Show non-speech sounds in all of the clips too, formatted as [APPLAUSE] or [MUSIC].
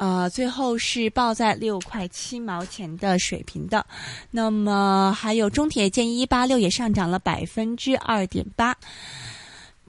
呃，最後是報在六塊七毛錢的水平的，那麼還有中鐵建一八六也上漲了百分之二點八。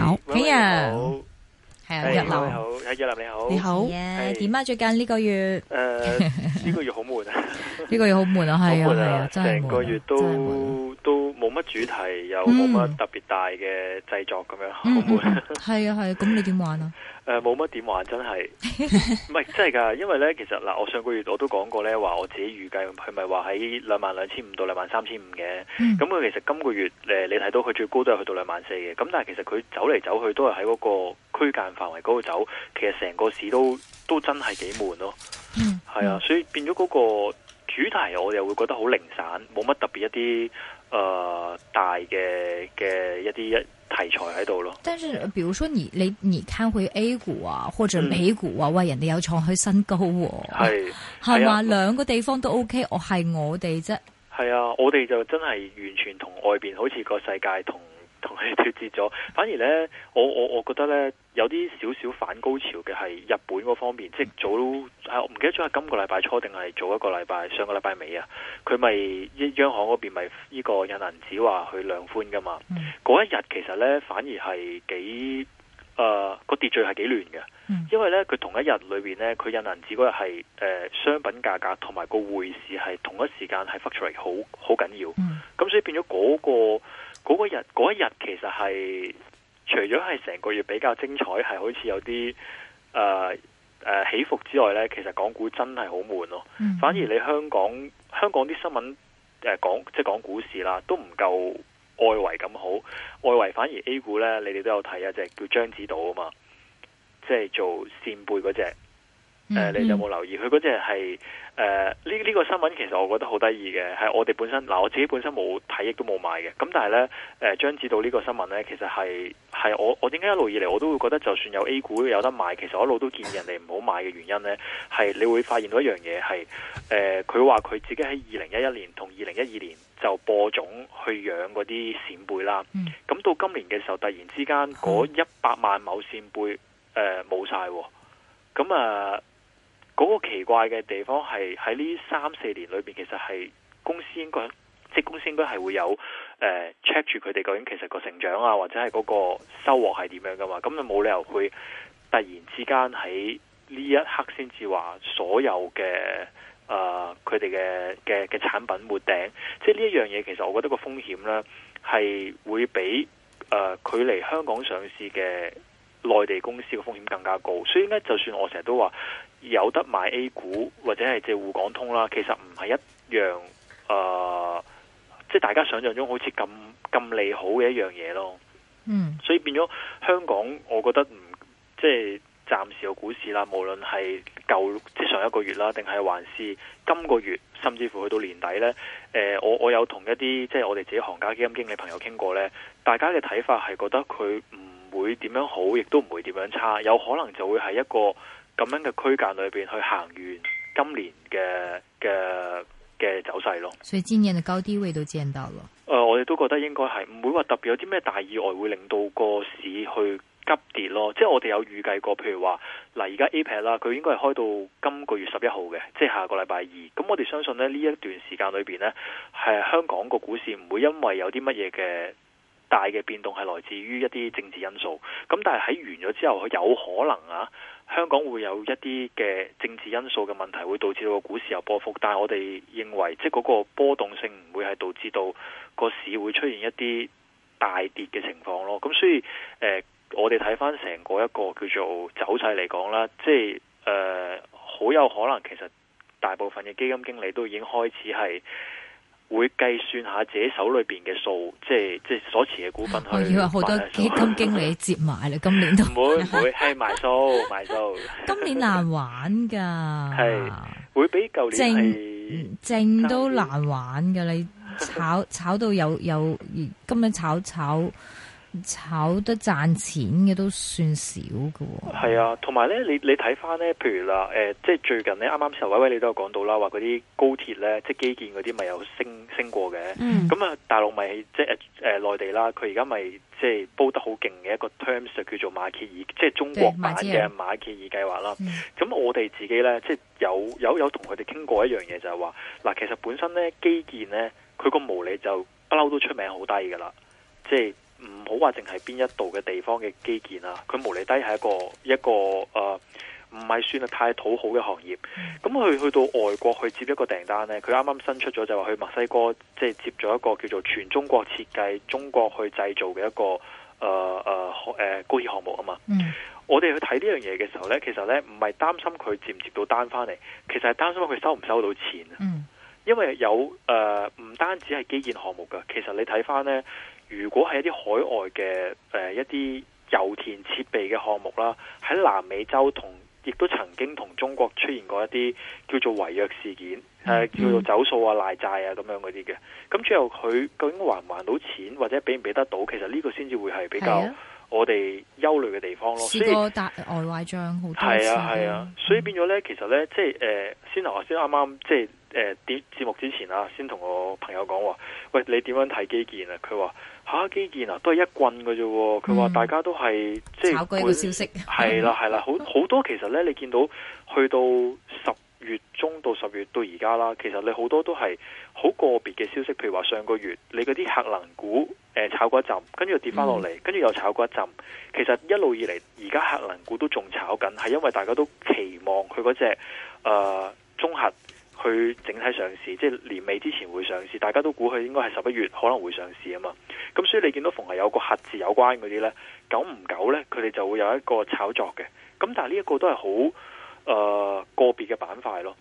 景日，係啊，約樓你好，係你好，你好，點、yeah, 啊？最近呢個月，誒，呢個月好悶，呢個月好悶啊，係 [LAUGHS] 啊，係 [LAUGHS] 啊，成個月都真係悶、啊。冇乜主題，又冇乜特別大嘅製作咁、嗯、樣好悶。係啊係啊，咁、嗯嗯嗯、你點玩啊？誒、呃，冇乜點玩，真係唔係真係㗎。因為咧，其實嗱，我上個月我都講過咧，話我自己預計佢咪話喺兩萬兩千五到兩萬三千五嘅。咁、嗯、佢其實今個月誒、呃、你睇到佢最高都係去到兩萬四嘅。咁但係其實佢走嚟走去都係喺嗰個區間範圍嗰度走。其實成個市都都真係幾悶咯。嗯，係啊，所以變咗嗰個主題，我又會覺得好零散，冇乜特別一啲。誒、呃，大嘅嘅一啲一題材喺度咯。但係，比如說你你你看回 A 股啊，或者美股啊，喂、嗯、人哋有創佢新高、啊，係係嘛，兩、啊、個地方都 OK 我。我係我哋啫。係啊，我哋就真係完全同外邊好似個世界同。同佢脱節咗，反而咧，我我我覺得咧，有啲少少反高潮嘅係日本嗰方面，即係早都，係、啊、我唔記得咗係今個禮拜初定係早一個禮拜，上個禮拜尾啊，佢咪央央行嗰邊咪呢個印銀紙話去量寬噶嘛？嗰、嗯、一日其實咧，反而係幾誒個秩序係幾亂嘅，因為咧佢同一日裏面咧，佢印銀紙嗰日係商品價格同埋個匯市係同一時間係出嚟，好好緊要，咁、嗯、所以變咗嗰、那個。嗰、那個日嗰一、那個、日其實係除咗係成個月比較精彩，係好似有啲誒誒起伏之外咧，其實港股真係好悶咯。嗯。反而你香港香港啲新聞誒講即係講股市啦，都唔夠外圍咁好。外圍反而 A 股咧，你哋都有睇一隻叫獐子島啊嘛，即係做扇貝嗰隻。誒、uh,，你有冇留意佢嗰隻係？誒，呢、uh, 呢個新聞其實我覺得好得意嘅，係我哋本身嗱，我自己本身冇睇，亦都冇買嘅。咁但係呢，uh, 將至到呢個新聞呢，其實係係我我點解一路以嚟我都會覺得就算有 A 股有得買，其實我一路都建議人哋唔好買嘅原因呢，係你會發現到一樣嘢係誒，佢話佢自己喺二零一一年同二零一二年就播種去養嗰啲扇貝啦。咁、mm. 到今年嘅時候，突然之間嗰一百萬畝扇貝冇晒咁啊！Uh, 嗰個奇怪嘅地方係喺呢三四年裏邊，其實係公司應該，即係公司應該係會有誒 check 住佢哋究竟其實個成長啊，或者係嗰個收穫係點樣噶嘛？咁就冇理由會突然之間喺呢一刻先至話所有嘅啊佢哋嘅嘅嘅產品沒頂，即係呢一樣嘢，其實我覺得個風險咧係會比誒距離香港上市嘅內地公司嘅風險更加高。所以咧，就算我成日都話，有得買 A 股，或者係借滬港通啦，其實唔係一樣誒，即、呃、係、就是，大家想象中好似咁咁利好嘅一樣嘢咯。嗯，所以變咗香港，我覺得唔即係暫時嘅股市啦，無論係舊即上一個月啦，定係還是今個月，甚至乎去到年底呢。誒、呃，我我有同一啲即係我哋自己行家基金經理朋友傾過呢，大家嘅睇法係覺得佢唔會點樣好，亦都唔會點樣差，有可能就會係一個。咁樣嘅區間裏邊去行完今年嘅嘅嘅走勢咯，所以今年嘅高低位都見到了。誒、呃，我哋都覺得應該係唔會話特別有啲咩大意外會令到個市去急跌咯。即係我哋有預計過，譬如話嗱，而家 APEC 啦，佢應該係開到今個月十一號嘅，即係下個禮拜二。咁我哋相信呢一段時間裏邊呢，係香港個股市唔會因為有啲乜嘢嘅大嘅變動係來自於一啲政治因素。咁但係喺完咗之後，佢有可能啊。香港會有一啲嘅政治因素嘅問題，會導致到個股市有波幅，但係我哋認為，即係嗰個波動性唔會係導致到個市會出現一啲大跌嘅情況咯。咁所以，呃、我哋睇翻成個一個叫做走勢嚟講啦，即係呃、好有可能其實大部分嘅基金經理都已經開始係。會計算下自己手裏邊嘅數，即係即係所持嘅股份去。可以話好多基金經理接埋啦， [LAUGHS] 今年都也唔 [LAUGHS] 不會唔會係賣數賣數。 [LAUGHS] hey, my soul, my soul [LAUGHS] 今年難玩噶，係會比舊年正正都難玩噶， [LAUGHS] 你炒炒到有有，今日炒炒。炒炒得賺錢嘅都算少㗎，哦，係啊。同埋咧，你你睇翻咧，譬如啦、呃，即係最近咧，啱啱時候，偉偉你都有講到啦，話嗰啲高鐵咧，即係基建嗰啲，咪有升升過嘅。咁、嗯、啊，大陸咪即係誒內地啦，佢而家咪即係煲得好勁嘅一個 terms 就叫做馬歇爾，即係中國版嘅馬歇爾計劃啦。咁我哋自己咧、嗯，即係有有有同佢哋傾過一樣嘢，就係話嗱，其實本身咧基建咧，佢個毛利就不嬲都出名好低㗎啦，即係。唔好話淨係邊一度嘅地方嘅基建啊，佢毛利低係一個一個誒，唔、呃、係算係太討好嘅行業。咁佢去到外國去接一個訂單呢，佢啱啱新出咗就話去墨西哥，即、就、係、是、接咗一個叫做全中國設計、中國去製造嘅一個誒誒誒高鐵項目啊嘛。嗯、我哋去睇呢樣嘢嘅時候呢，其實呢唔係擔心佢接唔接到單翻嚟，其實係擔心佢收唔收到錢啊。嗯因為有誒唔、呃、單止係基建項目噶，其實你睇翻呢，如果係一啲海外嘅誒、呃、一啲油田設備嘅項目啦，喺南美洲同亦都曾經同中國出現過一啲叫做違約事件，誒、呃、叫做走數啊、賴債啊咁樣嗰啲嘅。咁、嗯、最後佢究竟還唔還到錢，或者俾唔俾得到，其實呢個先至會係比較我哋憂慮嘅地方咯、啊。所以試過搭外歪賬，好擔心。係啊係啊，啊，所以變咗呢、嗯，其實呢，即係誒、呃，先頭我先啱啱即係。誒、呃，啲節目之前啊，先同我朋友講話，喂，你點樣睇基建啊？佢話吓，基建啊，都係一棍嘅啫、啊。佢、嗯、話大家都係即係炒消息，係啦係啦，好好多。其實咧，你見到去到十月中到十月到而家啦，其實你好多都係好個別嘅消息。譬如話上個月你嗰啲核能股誒、呃、炒過一陣，跟住又跌翻落嚟，跟、嗯、住又炒過一陣。其實一路以嚟，而家核能股都仲炒緊，係因為大家都期望佢嗰隻誒綜合。呃去整體上市，即係年尾之前會上市，大家都估佢應該係十一月可能會上市啊嘛。咁所以你見到逢係有個核子有關嗰啲咧，久唔久咧，佢哋就會有一個炒作嘅。咁但係呢一個都係好誒個別嘅板塊咯。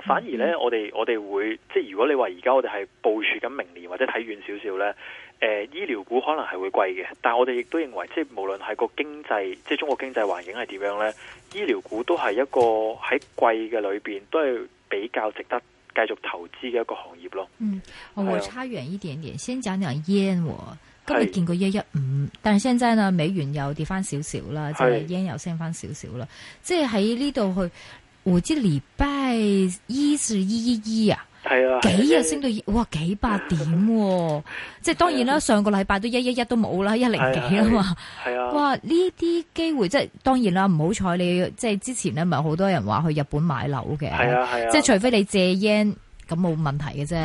反而咧，mm-hmm，我哋我哋會即係如果你話而家我哋係部署緊明年或者睇遠少少咧，誒、呃、醫療股可能係會貴嘅。但係我哋亦都認為，即係無論係個經濟，即係中國經濟環境係點樣咧，醫療股都係一個喺貴嘅裏邊都係比較值得繼續投資嘅一個行業咯。嗯，我差遠一點點，um，先講講 yen，今日見過一一五，15，但係現在呢美元又跌翻少少啦，即係 yen 又升翻少少啦，即係喺呢度去我知禮拜一至一一一啊。係啊，啊，幾日升到哇幾百點、啊， [LAUGHS] 即係當然啦。啊、上個禮拜都一一一都冇啦，一零幾啊嘛。係啊，啊，啊，哇呢啲機會即係當然啦，唔好彩你即係之前咧，咪好多人話去日本買樓嘅。係啊係啊，即係除非你借 yen 咁冇問題嘅啫。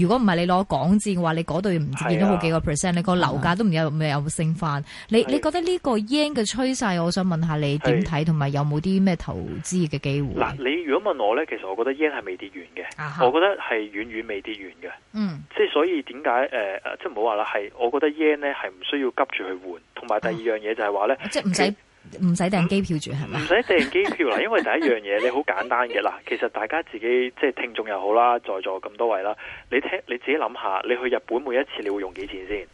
如果唔係你攞港紙嘅話，你嗰度唔見咗好幾個 percent，啊、你個樓價都唔有未有升返。你你覺得呢個 yen 嘅趨勢，我想問下你點睇，同埋有冇啲咩投資嘅機會嗱、嗯？你如果問我咧，其實我覺得 yen 係未跌完嘅、啊，我覺得係遠遠未跌完嘅。嗯，即係所以點解誒即係唔好話啦，係我覺得 yen 咧係唔需要急住去換，同埋第二樣嘢就係話咧，即唔使。唔使訂機票住係咪？嗯、唔使訂機票啦，因為第一樣嘢你好簡單嘅啦。 [LAUGHS] 其實大家自己即係聽眾又好啦，在座咁多位啦，你聽你自己諗下，你去日本每一次你會用幾錢先、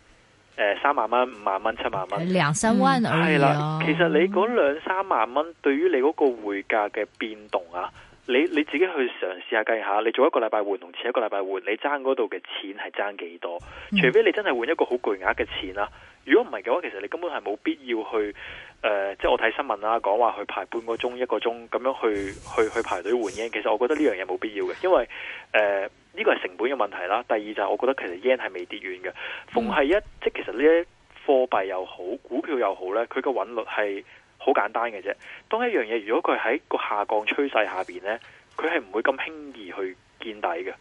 呃？三萬蚊、五萬蚊、七萬蚊，兩三萬而已。係啦、嗯，其實你嗰兩三萬蚊，對於你嗰個匯價嘅變動啊、嗯，你你自己去嘗試下計下，你做一個禮拜換同遲一個禮拜換，你爭嗰度嘅錢係爭幾多、嗯？除非你真係換一個好巨額嘅錢啦。如果唔係嘅話，其實你根本係冇必要去。誒、呃，即係我睇新聞啦，講話去排半個鐘一個鐘咁樣去去去排隊換 yen，其實我覺得呢樣嘢冇必要嘅，因為誒呢、呃呢個係成本嘅問題啦。第二就係我覺得其實 yen 係未跌遠嘅，逢係一即其實呢一貨幣又好，股票又好呢，佢個韻律係好簡單嘅啫。當一樣嘢如果佢喺個下降趨勢下邊呢，佢係唔會咁輕易去見底嘅。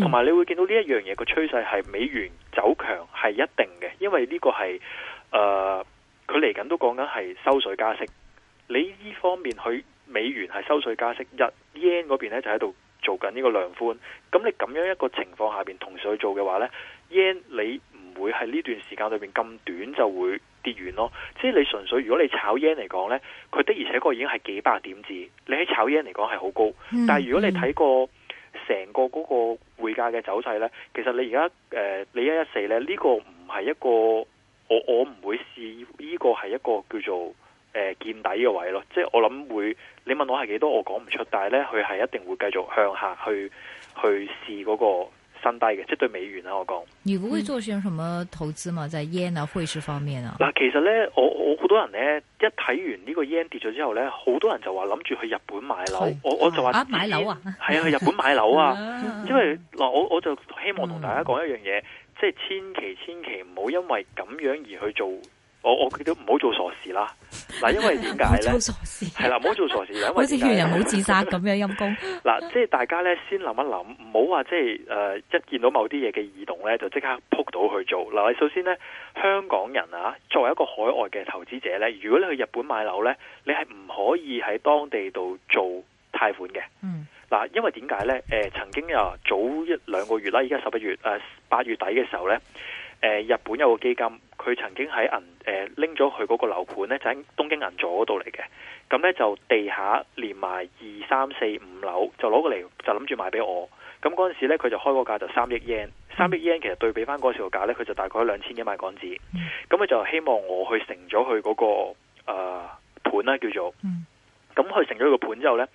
同、嗯、埋你會見到呢一樣嘢個趨勢係美元走強係一定嘅，因為呢個係誒。呃佢嚟緊都講緊係收水加息，你呢方面去美元係收水加息，日 yen 嗰邊咧，就喺度做緊呢個量寬，咁你咁樣一個情況下邊同時去做嘅話咧，yen 你唔會喺呢段時間裏邊咁短就會跌完咯。即係你純粹如果你炒 yen 嚟講咧，佢的而且確已經係幾百點字，你喺炒 yen 嚟講係好高。但係如果你睇過成個嗰個匯價嘅走勢咧，其實你而家誒你一一四咧，呢個唔係一個我我唔會試。一個叫做誒、呃、見底嘅位咯，即係我諗會你問我係幾多，我講唔出，但係咧佢係一定會繼續向下去去試嗰個新低嘅，即係對美元啦，我講。你不會做些什麼投資嘛？在 yen 啊匯市方面啊？嗱，其實咧，我我好多人咧一睇完呢個 yen 跌咗之後咧，好多人就話諗住去日本買樓，我我就話啊買樓啊，係啊，啊去日本買樓啊， [LAUGHS] 啊，因為嗱我我就希望同大家講一樣嘢、嗯，即係千祈千祈唔好因為咁樣而去做。我我記得唔好做傻事啦，嗱，因為點解咧？ [LAUGHS] 做傻事係啦，唔 [LAUGHS] [LAUGHS] 好做傻事，好似勸人唔好自殺咁樣陰公。嗱，即係大家咧，先諗一諗，唔好話即係誒，一見到某啲嘢嘅異動咧，就即刻撲到去做。嗱，首先咧，香港人啊，作為一個海外嘅投資者咧，如果你去日本買樓咧，你係唔可以喺當地度做貸款嘅。嗱、嗯，因為點解咧？誒、呃，曾經啊早一兩個月啦，而家十一月誒八、呃、月底嘅時候咧，誒、呃，日本有個基金。佢曾經喺銀誒拎咗佢嗰個樓盤咧，就喺東京銀座嗰度嚟嘅。咁咧就地下連埋二三四五樓，就攞過嚟就諗住賣俾我。咁嗰陣時咧，佢就開個價就三億日圓，三億日圓其實對比翻嗰時嘅價咧，佢就大概兩千幾萬港紙。咁、嗯、佢就希望我去成咗佢嗰個誒盤啦，叫做。咁、嗯、佢成咗佢個盤之後咧，誒、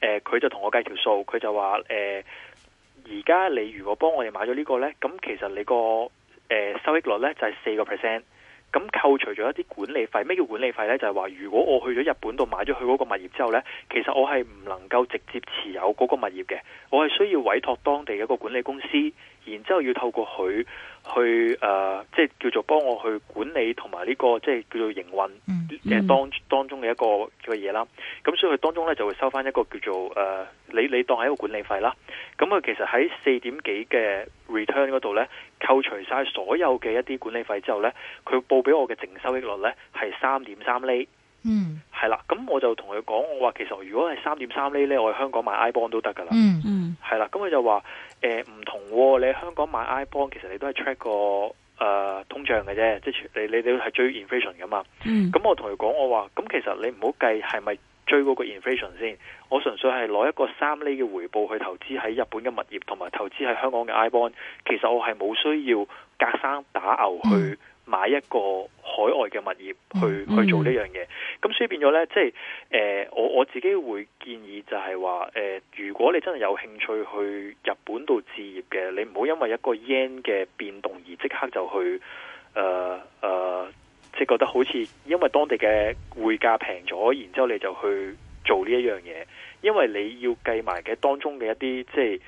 呃、佢就同我計條數，佢就話誒，而、呃、家你如果幫我哋買咗呢個咧，咁其實你個。誒，收益率咧就係四個 percent，咁扣除咗一啲管理費，咩叫管理費咧？就係、是、話如果我去咗日本度買咗佢嗰個物業之後咧，其實我係唔能夠直接持有嗰個物業嘅，我係需要委託當地一個管理公司，然之後要透過佢去誒、即、呃、係、就是、叫做幫我去管理同埋呢個即係、就是、叫做營運嘅當當中嘅一個嘅嘢啦。咁所以佢當中咧就會收翻一個叫做誒、呃，你你當係一個管理費啦。咁佢其實喺四點幾嘅。return 嗰度咧，扣除晒所有嘅一啲管理費之後咧，佢報俾我嘅淨收益率咧係三點三厘，嗯，係啦，咁我就同佢講，我話其實如果係三點三厘咧，我喺香港買 iBond 都得噶啦，嗯嗯，係啦，咁佢就話誒唔同，你喺香港買 iBond，其實你都係 check 個誒通脹嘅啫，即係你你你係追 inflation 噶嘛，嗯，咁我同佢講，我話咁其實你唔好計係咪？追嗰個 inflation 先，我純粹係攞一個三厘嘅回報去投資喺日本嘅物業，同埋投資喺香港嘅 iBond。其實我係冇需要隔山打牛去買一個海外嘅物業去、mm-hmm. 去做呢樣嘢。咁所以變咗呢，即係誒、呃，我我自己會建議就係話誒，如果你真係有興趣去日本度置業嘅，你唔好因為一個 yen 嘅變動而即刻就去誒誒。呃呃即、就是、覺得好似，因為當地嘅匯價平咗，然之後你就去做呢一樣嘢，因為你要計埋嘅當中嘅一啲，即係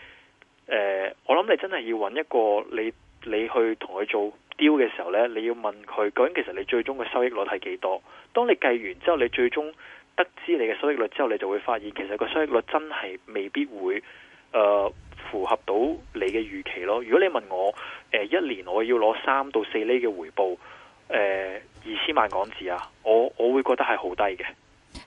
誒，我諗你真係要揾一個你，你去同佢做 deal 嘅時候呢，你要問佢究竟其實你最終嘅收益率係幾多？當你計完之後，你最終得知你嘅收益率之後，你就會發現其實個收益率真係未必會、呃、符合到你嘅預期咯。如果你問我誒、呃、一年我要攞三到四厘嘅回報誒。呃二千萬港紙啊，我我會覺得係好低嘅。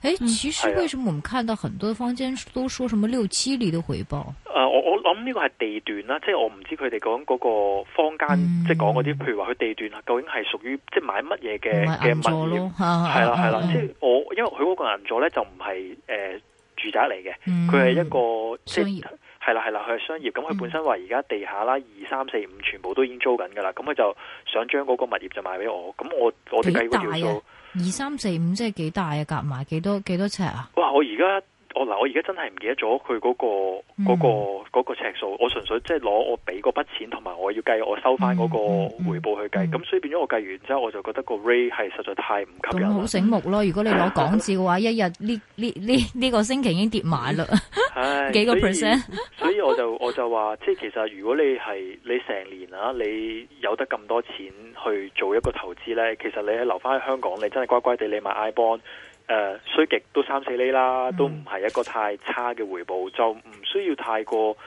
誒、欸，其實為什麼我們看到很多坊間都說什麼六七厘的回報？誒、啊，我我諗呢個係地段啦，即係我唔知佢哋講嗰個坊間、嗯、即係講嗰啲，譬如話佢地段啊，究竟係屬於即係買乜嘢嘅嘅物業？係啦係啦，即係我因為佢嗰個銀座咧就唔係誒住宅嚟嘅，佢、嗯、係一個商業即係。係啦係啦，佢係商業，咁佢本身話而家地下啦二三四五全部都已經租緊噶啦，咁佢就想將嗰個物業就賣俾我，咁我、啊、我哋計過叫做二三四五，即係幾大啊？夾埋幾多幾多尺啊？哇！我而家。我、哦、嗱，我而家真係唔記得咗佢嗰個嗰嗰、嗯嗰個嗰個、尺數。我純粹即係攞我俾嗰筆錢同埋我要計我收翻嗰個回報去計。咁、嗯嗯嗯、所以變咗我計完之後，我就覺得個 Rate 係實在太唔吸引了。咁好醒目咯！如果你攞港紙嘅話，一日呢呢呢呢個星期已經跌埋啦，幾個 percent。所以我就我就話，即係其實如果你係你成年啊，你有得咁多錢去做一個投資咧，其實你係留翻喺香港，你真係乖乖地你買 I Bond。誒、呃，衰極都三四厘啦，都唔係一個太差嘅回報，嗯、就唔需要太過誒、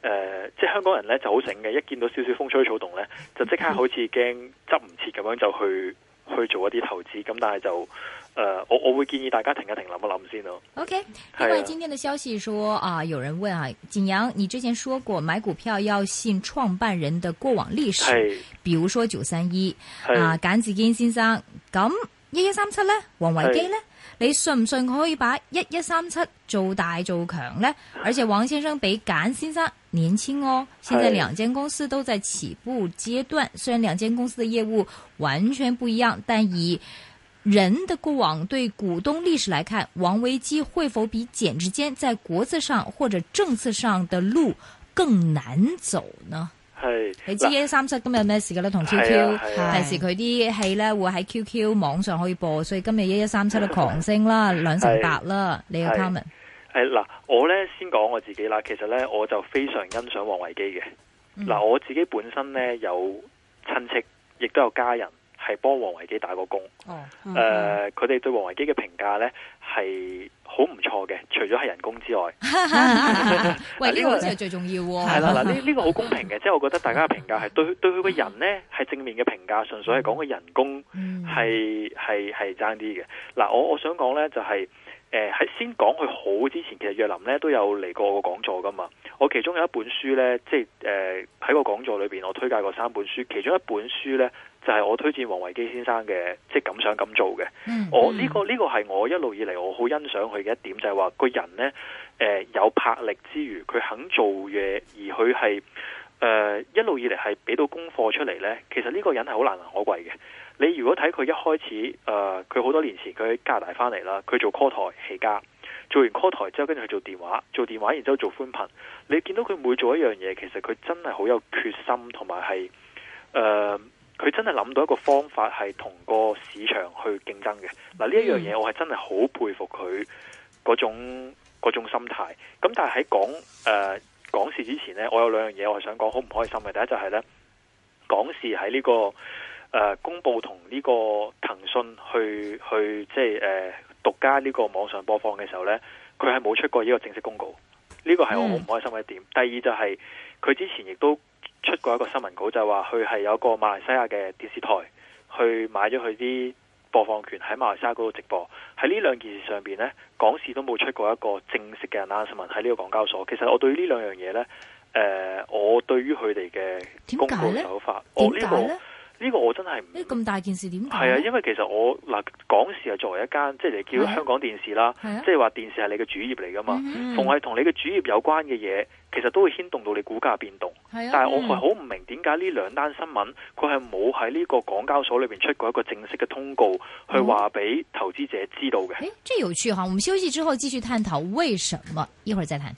呃，即係香港人咧就好醒嘅，一見到少少風吹草動咧，就即刻好似驚執唔切咁樣就去去做一啲投資，咁但係就誒、呃，我我會建議大家停一停想一想先，諗一諗先咯。O K，另外今天嘅消息說啊，有人問啊，景羊，你之前說過買股票要信創辦人的過往歷史，比如說九三一，啊、呃，簡志堅先生，咁一一三七咧，黃維基咧。你信唔信可以把一一三七做大做強呢？而且王先生比簡先生年輕哦，現在兩間公司都在起步階段。雖然兩間公司的業務完全不一樣，但以人的過往對股東歷史來看，王維基會否比簡直間在國字上或者政策上的路更難走呢？係你知一一三七今日咩事噶啦，同 QQ，第時佢啲戲咧會喺 QQ 網上可以播，所以今日一一三七都狂升啦，兩、啊、成八啦、啊。你嘅 comment 係嗱，我咧先講我自己啦。其實咧，我就非常欣賞王維基嘅。嗱、嗯，我自己本身咧有親戚，亦都有家人。係幫王維基打過工，誒、哦，佢、嗯、哋、呃、對王維基嘅評價咧係好唔錯嘅，除咗係人工之外，哈哈哈哈 [LAUGHS] 喂，呢、這個先係最重要的。係啦，嗱，呢呢個好公平嘅，即 [LAUGHS] 係我覺得大家嘅評價係對對佢個人咧係正面嘅評價，純粹係講嘅人工係係係爭啲嘅。嗱、嗯呃，我我想講咧就係、是。誒、呃，喺先講佢好之前，其實若林咧都有嚟過我嘅講座噶嘛。我其中有一本書咧，即係誒喺個講座裏邊，我推介過三本書，其中一本書咧就係、是、我推薦王維基先生嘅，即係敢想敢做嘅、嗯。我呢、這個呢、這個係我一路以嚟我好欣賞佢嘅一點，就係、是、話個人咧，誒、呃、有魄力之餘，佢肯做嘢，而佢係誒一路以嚟係俾到功課出嚟咧。其實呢個人係好難能可貴嘅。你如果睇佢一開始，誒佢好多年前佢喺加拿大翻嚟啦，佢做 call 台起家，做完 call 台之後跟住去做電話，做電話然之後做寬頻。你見到佢每做一樣嘢，其實佢真係好有決心，同埋係誒佢真係諗到一個方法係同個市場去競爭嘅。嗱，呢一樣嘢我係真係好佩服佢嗰種嗰種心態。咁但係喺講誒、呃、講事之前呢，我有兩樣嘢我係想講好唔開心嘅，第一就係呢講事喺呢個。誒，公布同呢個騰訊去去即係誒獨家呢個網上播放嘅時候呢，佢係冇出過呢個正式公告，呢個係我好唔開心嘅一點，嗯。第二就係、是、佢之前亦都出過一個新聞稿就，就話佢係有一個馬來西亞嘅電視台去買咗佢啲播放權喺馬來西亞嗰度直播。喺呢兩件事上邊呢，港視都冇出過一個正式嘅 announcement 喺呢個港交所。其實我對於呢兩樣嘢呢，誒、呃，我對於佢哋嘅公告的手法，呢我、這個、呢呢、這個我真係唔，咁大件事點解啊？因為其實我嗱、呃，港視係作為一間即係叫香港電視啦，是啊、即係話電視係你嘅主業嚟噶嘛，嗯、逢係同你嘅主業有關嘅嘢，其實都會牽動到你股價變動。是啊、但係我係好唔明點解呢兩單新聞佢係冇喺呢個港交所裏邊出過一個正式嘅通告、嗯、去話俾投資者知道嘅。誒，這有趣哈！我們休息之後繼續探討為什麼，一會再談。